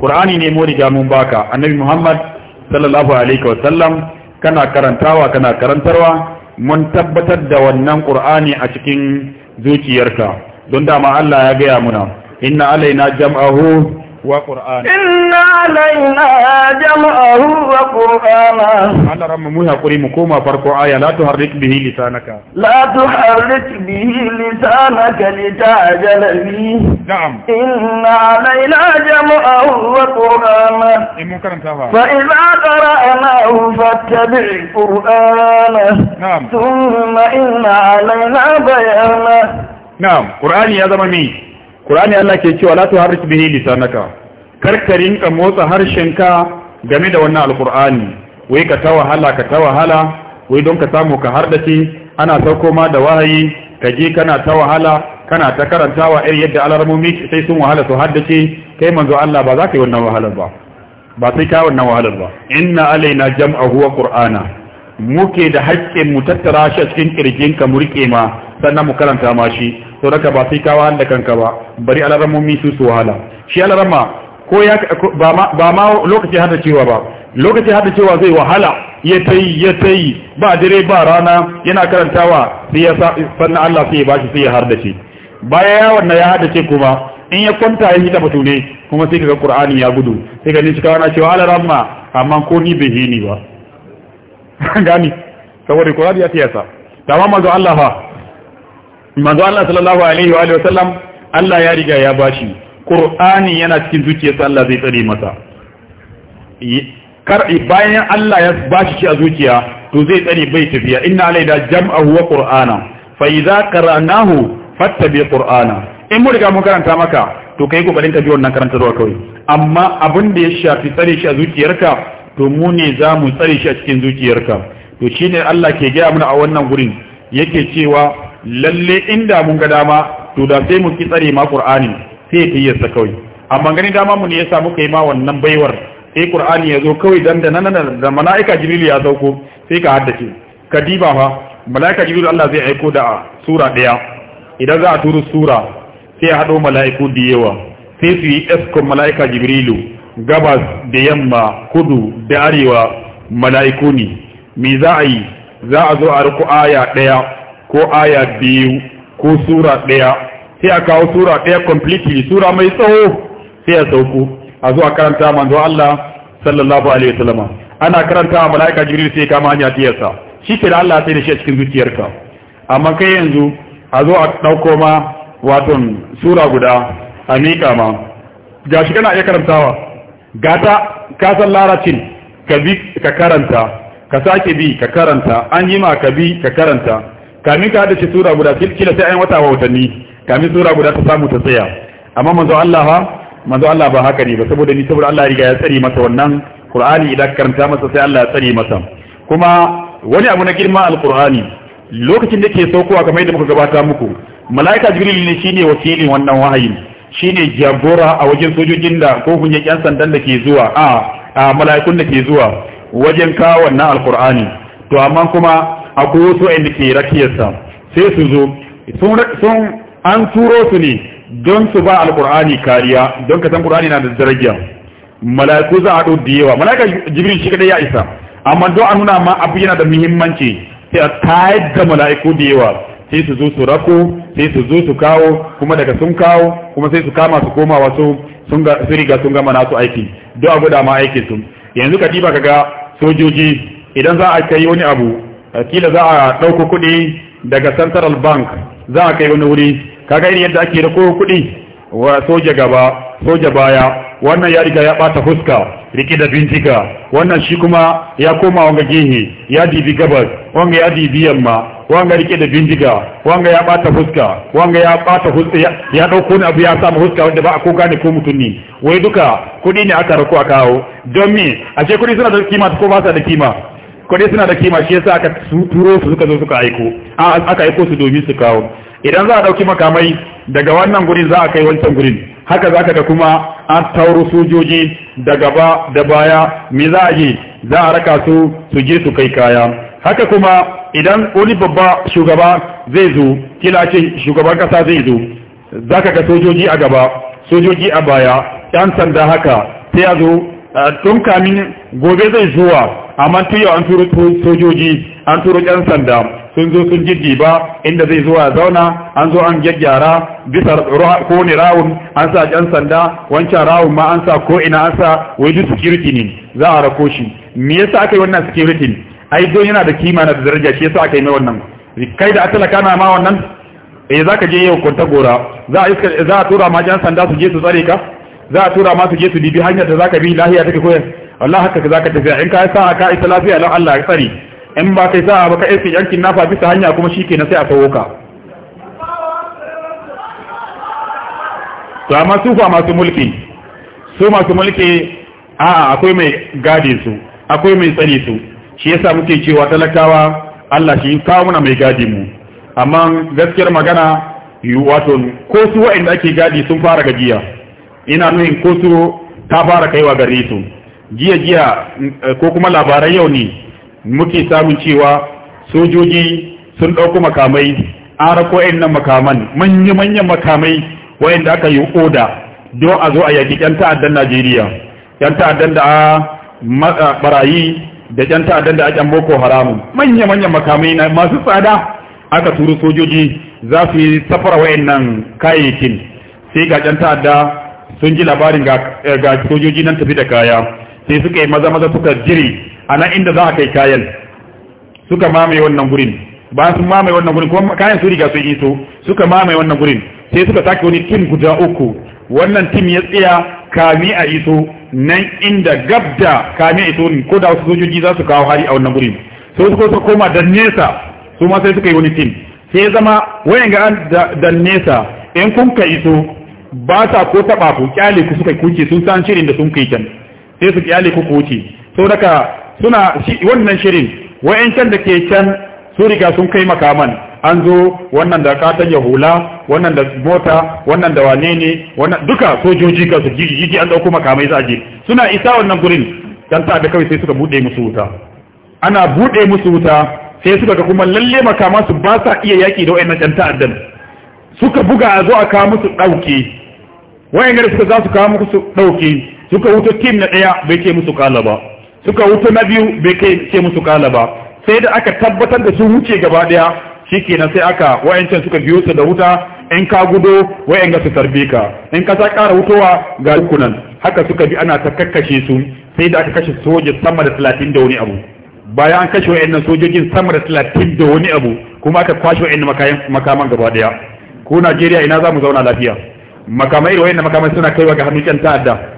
ƙur'ani ne mu riga mun baka annabi muhammad sallallahu alaihi wa sallam kana karantawa kana karantarwa mun tabbatar da wannan Kur'ani a cikin zuciyarka don dama Allah ya gaya muna inna alaina jam'ahu وقرآن إن علينا جمعه وقرآنا على رم مو يقولي مكوما فرقو آية لا تحرك به لسانك لا تحرك به لسانك لتعجل به نعم إن علينا جمعه وقرآنا فإذا قرأناه فاتبع قرآنه نعم ثم إن علينا بيانه نعم قرآن يا زمامي Qur'ani Allah ke cewa la tuharrik bihi lisanaka karkarin ka motsa harshenka game da wannan alqur'ani wai ka ta wahala ka ta wahala wai don ka samu ka hardace ana sauko ma da wahayi kaje kana ta wahala kana ta karantawa irin yadda alarmomi sai sun wahala su haddace kai manzo Allah ba za ka yi wannan wahalar ba ba sai ka wannan wahalar ba inna alaina jam'ahu wa qur'ana muke da haƙƙin mu tattara shi a cikin kirjinka mu rike ma sannan mu karanta ma shi to ba sai ka wahala kanka ba bari alarammomi su su wahala shi alarama ko ya ba ma lokaci hada cewa ba lokaci hada cewa zai wahala ya ta yi ya ta yi ba dare ba rana yana karantawa sai ya sannan Allah sai ya ba shi sai ya harda shi baya ya wannan ya hada ce kuma in ya kwanta ya hita batu ne kuma sai kaga Qur'ani ya gudu sai ka ji cewa na cewa alaramma amma ko ni bai hini ba gani saboda Qur'ani ya tiyasa tamam manzo Allah fa manzo Allah sallallahu alaihi wa alihi wasallam Allah ya riga ya bashi Qur'ani yana cikin zuciyarsa Allah zai tsare masa kar bayan Allah ya bashi shi a zuciya to zai tsare bai tafiya inna alaida jam'ahu wa qur'ana fa idza qara'nahu fattabi qur'ana in mu riga mun karanta maka to kai kokarin ka bi wannan karantarwa kawai amma abin da ya shafi tsare shi a zuciyarka to mu ne za mu tsare shi a cikin zuciyarka to shine Allah ke gaya mana a wannan gurin yake cewa lalle inda mun ga dama to da sai mu ki tsare ma qur'ani sai ta yasa kawai amma gani dama mu ne yasa muka yi ma wannan baiwar sai qur'ani ya zo kawai dan da nan da malaika jibril ya sauko sai ka haddace kadiba fa malaika jibril Allah zai aiko da sura daya idan za a turu sura sai ya hado malaiku da sai su yi eskon malaika jibrilu gabas da yamma kudu da arewa mala'iku ne me za a yi za a zo a riko aya ɗaya ko aya biyu ko sura ɗaya sai a kawo sura ɗaya completely sura mai tsawo sai a sauku a zuwa karanta manzo Allah sallallahu alaihi wasallama ana karanta a mala'ika jibril sai kama hanya tiyarsa shi ke da Allah sai da shi a cikin zuciyarka amma kai yanzu a zo a ɗauko ma waton sura guda a miƙa ma ga shi kana iya karantawa gata ka san laracin ka bi ka karanta ka sake bi ka karanta an yi ma ka bi ka karanta kamin ka ce sura guda kila sai ayin wata watanni kamin sura guda ta samu ta tsaya amma manzo Allah ha manzo Allah ba haka ne ba saboda ni saboda Allah ya riga ya tsare masa wannan Qur'ani idan karanta masa sai Allah ya tsare masa kuma wani abu na girma alqur'ani lokacin da ke saukowa kamar yadda muka gabata muku malaika jibril ne shine wasilin wannan wahayin shine jagora a wajen sojojin da ko kunyan yan sandan da ke zuwa a malaikun da ke zuwa wajen kawo wannan alqur'ani to amma kuma akwai wasu wa'anda ke rakiyarsa sai su zo sun an turo su ne don su ba alkur'ani kariya don ka san kur'ani na da daraja mala'iku za a ɗau da yawa mala'ika jibril shi kadai ya isa amma don a nuna ma abu yana da muhimmanci sai a tayar da mala'iku da yawa sai su zo su rako sai su zo su kawo kuma daga sun kawo kuma sai su kama su koma wasu sun ga su riga sun gama nasu aiki don a guda ma aikin su yanzu ka ka ga sojoji idan za a kai wani abu Eh, kila za a ɗauko kuɗi daga central bank za a kai wani wuri kaga irin yadda ake rako kuɗi wa soja gaba soja baya wannan ya riga ya ɓata fuska rike da bincika wannan shi kuma ya koma wanga gehe ya dibi gabas wanga ya dibi yamma wanga rike da bindiga wanga ya bata fuska wanga ya bata fuska ya dauko ne abu ya samu fuska wanda ba a ko gane ko mutum ne wai duka kudi ne aka rako a kawo don me a ce kudi suna da kima ko ba sa da kima kudi suna da kima shi yasa aka turo su suka zo suka aiko aka aiko su domin su kawo idan za a dauki makamai daga wannan gurin za a kai wancan gurin haka za ka ga kuma an tauro sojoji da gaba da baya me za a yi za a raka su su je su kai kaya haka kuma idan wani babba shugaba zai zo kila ce shugaban kasa zai zo za ka ga sojoji a gaba sojoji a baya yan sanda haka sai a zo tun kamin gobe zai zuwa amma tuyo an turo sojoji an turo yan sanda sun zo sun jiddi ba inda zai zuwa zauna an zo an gyaggyara bisa ko ne rawun an sa yan sanda wancan rawun ma an sa ko ina an sa wai duk security ne za a rako shi me yasa aka yi wannan security ai don yana da kima na daraja shi yasa aka yi mai wannan kai da atala kana ma wannan eh ka je yau kwanta gora za a za a tura ma yan sanda su je su tsare ka za a tura ma su je su dibi hanyar da za ka bi lahiya take koyar wallahi haka ka zaka tafi in ka sa ka isa lafiya lan Allah ya tsari in ba kai sa'a ba ka iske yankin nafa bisa hanya kuma shikenan sai a kawo ka to su fa masu mulki su masu mulki a'a akwai mai gadi su akwai mai tsani su shi yasa muke cewa talakawa Allah shi kawo muna mai gadi mu amma gaskiyar magana wato ko su wa'anda ake gadi sun fara gajiya ina nuhin ko su ta fara kaiwa gare su jiya jiya eh, ko kuma labaran yau ne muke samun cewa sojoji sun ɗauko makamai an rako nan makaman manya-manyan makamai wayanda aka yi oda don a zo a yaƙi 'yan ta'addan najeriya 'yan ta'addan da a barayi da 'yan ta'addan da a ƙyan boko haramun manya-manyan makamai na masu tsada aka turu sojoji za su yi safara wayannan kayayyakin sai ga 'yan ta'adda sun ji labarin eh, ga sojoji nan tafi da kaya sai suka yi maza maza suka jiri a nan inda za a kai kayan suka mamaye wannan gurin ba su mamaye wannan gurin kuma kayan su riga sun iso suka mamaye wannan gurin sai suka sake wani tim guda uku wannan tim ya tsaya kami a iso nan inda gab da kami a iso ne ko da wasu sojoji za su kawo hari a wannan gurin sai suka koma da nesa su ma sai suka yi wani tim sai zama wayan ga da nesa in kun ka iso ba sa ko taba ku kyale ku suka kuke sun san shirin da sun kai can sai su kyale ku wuce to daga suna wannan shirin can da ke can su riga sun kai makaman an zo wannan da katon ya hula wannan da mota wannan da wane ne wannan duka sojoji ga su jiji an dauko makamai za a je suna isa wannan gurin dan ta da kawai sai suka bude musu wuta ana bude musu wuta sai suka ga kuma lalle makaman su ba sa iya yaki da wayannan dan ta'addan suka buga a zo a kawo musu dauke gari suka za su kawo musu dauke suka wuta tim na ɗaya bai ce musu kala ba suka wuta na biyu bai ce musu kala ba sai da aka tabbatar da sun wuce gaba ɗaya shikenan sai aka wayancan suka biyo su da wuta in ka gudo wayanga su tarbe ka in ka sa ƙara wutowa ga hukunan. haka suka bi ana ta kakkashe su sai da aka kashe soja sama da talatin da wani abu bayan an kashe wayannan sojojin sama da talatin da wani abu kuma aka kwashe wayannan makaman gaba daya ko Najeriya ina za mu zauna lafiya makamai irin wayannan makamai suna kaiwa ga hannun ƴan ta'adda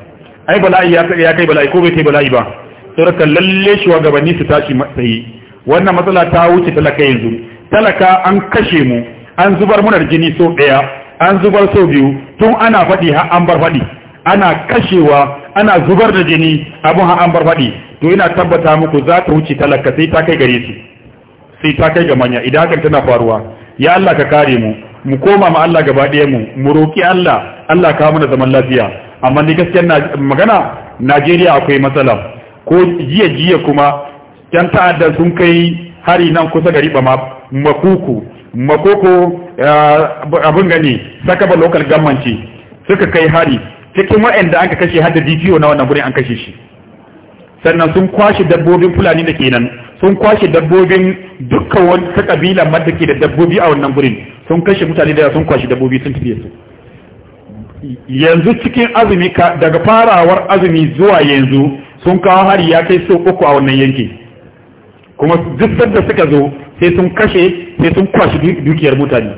ai bala'i ya kai ya kai bala'i ko bai kai bala'i ba saboda lalle shugabanni su tashi matsayi wannan matsala ta wuce talaka yanzu talaka an kashe mu an zubar munar jini so daya an zubar so biyu tun ana faɗi har an bar faɗi ana kashewa ana zubar da jini abun har an bar faɗi to ina tabbata muku za ta wuce talaka sai ta kai gare su sai ta kai ga manya idan hakan tana faruwa ya Allah ka kare mu mu koma ma Allah gaba ɗaya mu mu roki Allah Allah ka mana zaman lafiya amma ni gaskiyar magana Najeriya akwai matsala ko jiya jiya kuma yan ta'adda sun kai hari nan kusa gari ba makuku makoko eh, abin gani ba local government suka kai hari cikin waɗanda an ka kashe hada DPO na wannan gurin an kashe shi sannan sun kwashe dabbobin fulani da kenan sun kwashe dabbobin dukkan wata kabila madda ke da dabbobi a wannan gurin sun kashe mutane da sun kwashe dabbobi sun tafiye su yanzu cikin azumi daga farawar azumi zuwa yanzu sun kawo hari ya kai so uku a wannan yanki kuma duk da suka zo sai sun kashe sai sun kwashe dukiyar mutane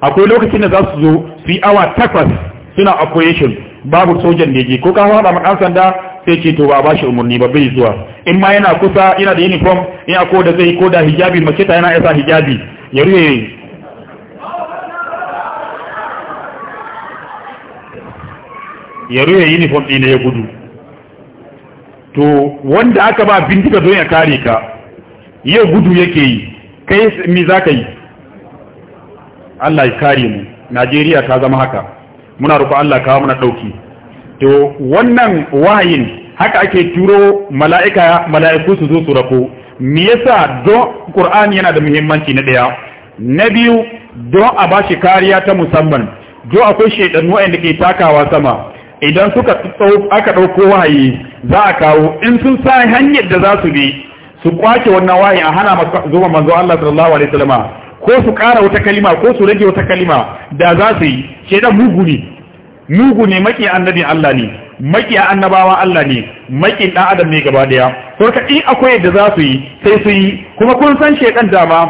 akwai lokacin da za su zo su yi awa takwas suna operation babu sojan da ke ko ka haɗa ma ɗan sanda sai ce to ba ba shi umarni ba bai zuwa in ma yana kusa yana da uniform in ko da zai ko da hijabi mace ta yana isa hijabi ya ruye ya ruya uniform ɗina ya gudu to wanda aka ba bindiga don ya kare ka ya gudu yake yi kai mi za ka yi Allah ya kare mu Najeriya ta zama haka muna roƙo Allah kawo mana ɗauki to wannan wahayin haka ake turo mala'ika mala'iku su zo su rako me yasa don Qur'an yana da muhimmanci na ɗaya na biyu don a bashi kariya ta musamman don akwai shaidannu wa'anda ke takawa sama idan suka aka ɗauko wahayi za a kawo in sun sa hanyar da za su bi su kwace wannan wahayi a hana zuwa manzo Allah sallallahu alaihi wasallam ko su ƙara wata kalima ko su rage wata kalima da za su yi da mugu ne mugu ne maki annabi Allah ne maki annabawa Allah ne maki dan adam ne gaba daya to ka in akwai yadda za su yi sai su yi kuma kun san shedan dama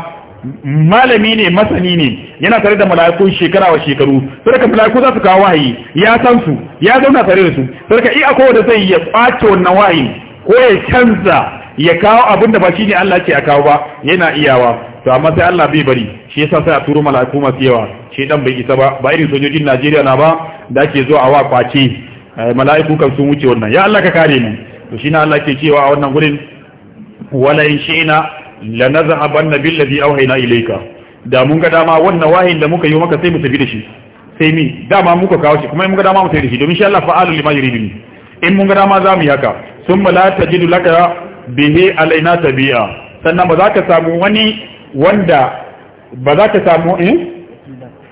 malami ne masani ne yana tare da mala'iku shekara wa shekaru sarka mala'iku za su kawo wahayi ya san su ya zauna tare da su sarka iya akwai wanda zai ya kwace wannan wahayi ko ya canza ya kawo abin da ba shi ne Allah ce a kawo ba yana iyawa to amma sai Allah bai bari shi yasa sai a turo mala'iku masu yawa shi dan bai isa ba ba irin sojojin Najeriya na ba da ake zuwa wa kwace eh, mala'iku kan sun wuce wannan ya Allah ka kare mu to shi na Allah ke cewa a wannan gurin wala in shi'na la nazhabanna bil ladhi awhayna ilayka da mun ga dama wannan wahayin da muka yi maka sai mu tafi da shi sai mi dama muka kawo shi kuma in mun ga dama mu tafi da shi domin shi Allah fa'alul lima yuridu in mun ga dama za mu yi haka summa la tajidu laka bihi alaina tabi'a sannan ba za ka samu wani wanda ba za ka samu in eh?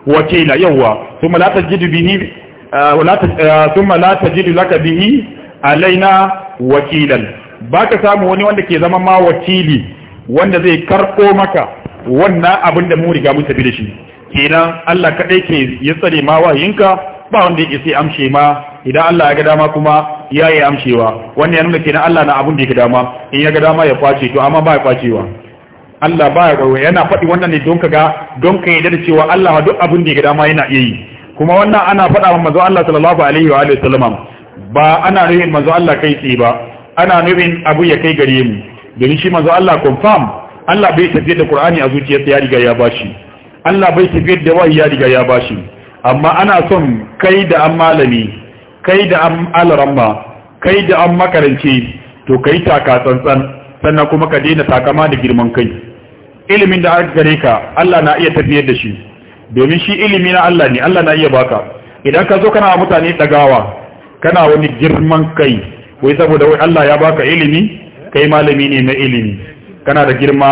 wakila yawa summa la tajidu bihi eh, eh, summa la tajidu laka bihi alaina wakilan ba ka samu wani wanda ke zama ma wakili wanda zai karko maka wannan abin da mun riga mun tafi da shi kenan Allah kaɗai ke ya tsare ma wayinka ba wanda ya sai amshe ma idan Allah ya ga dama kuma ya yi amshewa wannan ya nuna kenan Allah na abun da yake dama in ya ga dama ya kwace to amma ba ya kwacewa Allah ba ya kwace yana faɗi wannan ne don ka ga don ka yarda da cewa Allah duk abun da yake dama yana iya yi kuma wannan ana faɗa wa manzo Allah sallallahu alaihi wa alihi wasallam ba ana nufin manzo Allah kai tsaye ba ana nubin abu ya kai gare mu domin shi mazu Allah confirm Allah bai tafiye da Qur'ani a zuciyarsa ya riga ya bashi Allah bai tafiye da wahayi ya riga ya bashi amma ana son kai da an malami kai da an alramma kai da an makarance, to kai taka tsantsan sannan kuma ka daina takama da girman kai ilimin da aka gare ka Allah na iya tafiye da shi domin shi ilimi na Allah ne Allah na iya baka idan ka zo kana mutane dagawa kana wani girman kai wai saboda wai Allah ya baka ilimi kai malami ne na ilimi kana da girma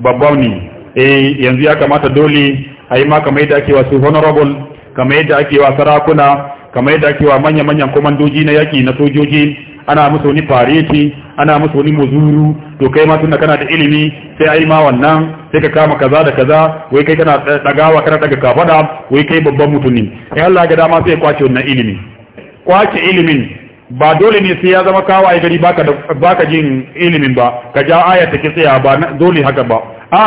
babban ne eh yanzu ya kamata dole a yi ma mai yadda ake wa su honorable kamar yadda ake wa sarakuna kamar yadda ake wa manya-manyan komandoji na yaki na sojoji ana musu wani fareti ana musu wani muzuru to kai ma tunda kana da ilimi sai ai ma wannan sai ka kama kaza da kaza wai kai kana dagawa kana daga kafada wai kai babban mutum ne eh Allah ga dama sai kwace wannan ilimi kwace ilimin ba dole ne sai ya zama kawo kawai gari baka baka jin ilimin ba ka ja aya take tsaya ba dole haka ba a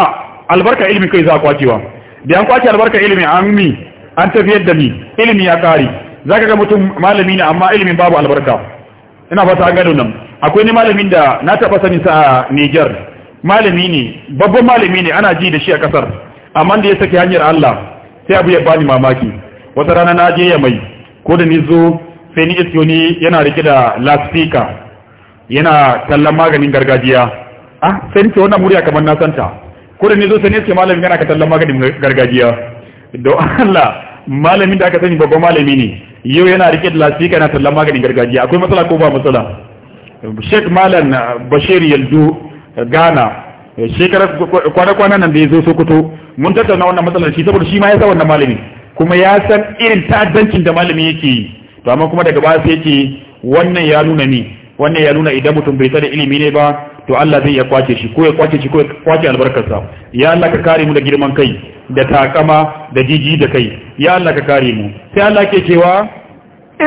albarka ilimin kai za a kwacewa da an kwace albarka ilimin an mi an tafiyar da ni ilimi ya kare zaka ga mutum malami ne amma ilimin babu albarka ina fata an gado nan akwai ni malamin da na taba sani sa a Niger malami ne babban malami ne ana ji da shi a ƙasar amma da ya saki hanyar Allah sai abu ya bani mamaki wata rana na je ya mai ko da ni zo sai ni yana rike da lastika yana tallan maganin gargajiya ah sai ni ce wannan murya kamar na santa ko ne ni zo sai ni ce malamin yana ka tallan maganin gargajiya don Allah malamin da aka sani babban malami ne yau yana rike da lastika yana tallan maganin gargajiya akwai matsala ko ba matsala Sheikh Malam Bashir Yaldu Ghana shekarar kwana-kwana nan da ya zo Sokoto mun tattauna wannan matsalar shi saboda shi ma ya sa wannan malami kuma ya san irin ta'addancin da malami yake yi to amma kuma daga baya sai ce wannan ya nuna ni wannan ya nuna idan mutum bai sani ilimi ne ba to Allah zai ya kwace shi ko ya kwace shi ko ya kwace albarkarsa ya Allah ka kare mu da girman kai da takama da jiji da kai ya Allah ka kare mu sai Allah ke cewa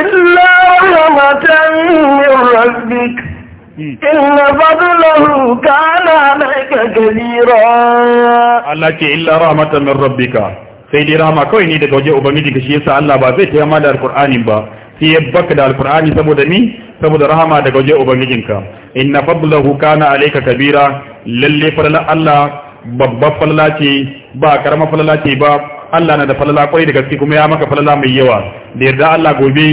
illa rahmatan min rabbik hmm. inna fadlahu kana alayka kabira Allah ke illa rahmatan min rabbika sai dai rahama kawai ni daga waje ubangiji ka shi yasa Allah ba zai tayar ma da alqur'ani ba sai ya baka da alqur'ani saboda ni saboda rahama daga waje ubangijinka inna fadlahu kana alayka kabira lalle falala Allah babba falala ce ba karama falala ce ba Allah na da falala kwai da gaske kuma ya maka falala mai yawa da yarda Allah gobe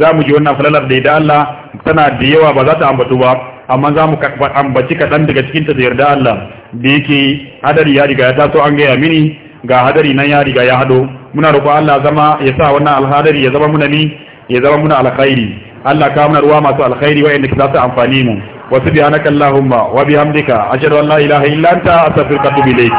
za mu ji wannan falalar da yarda Allah tana da yawa ba za ta ambatu ba amma za mu ambaci kaɗan daga cikin ta da yarda Allah da yake hadari ya riga ya taso an gaya mini ga hadari nan ya riga ya hado muna roƙo Allah zama ya sa wannan alhadari ya zama muna ni ya zama muna alkhairi Allah ka muna ruwa masu alkhairi wa'anda za su amfani mu wa subhanaka allahumma wa bihamdika ashhadu an la ilaha illa anta astaghfiruka wa atubu ilayk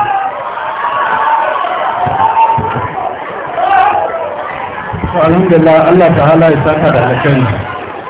alhamdulillah Allah ta'ala ya saka da alkhairi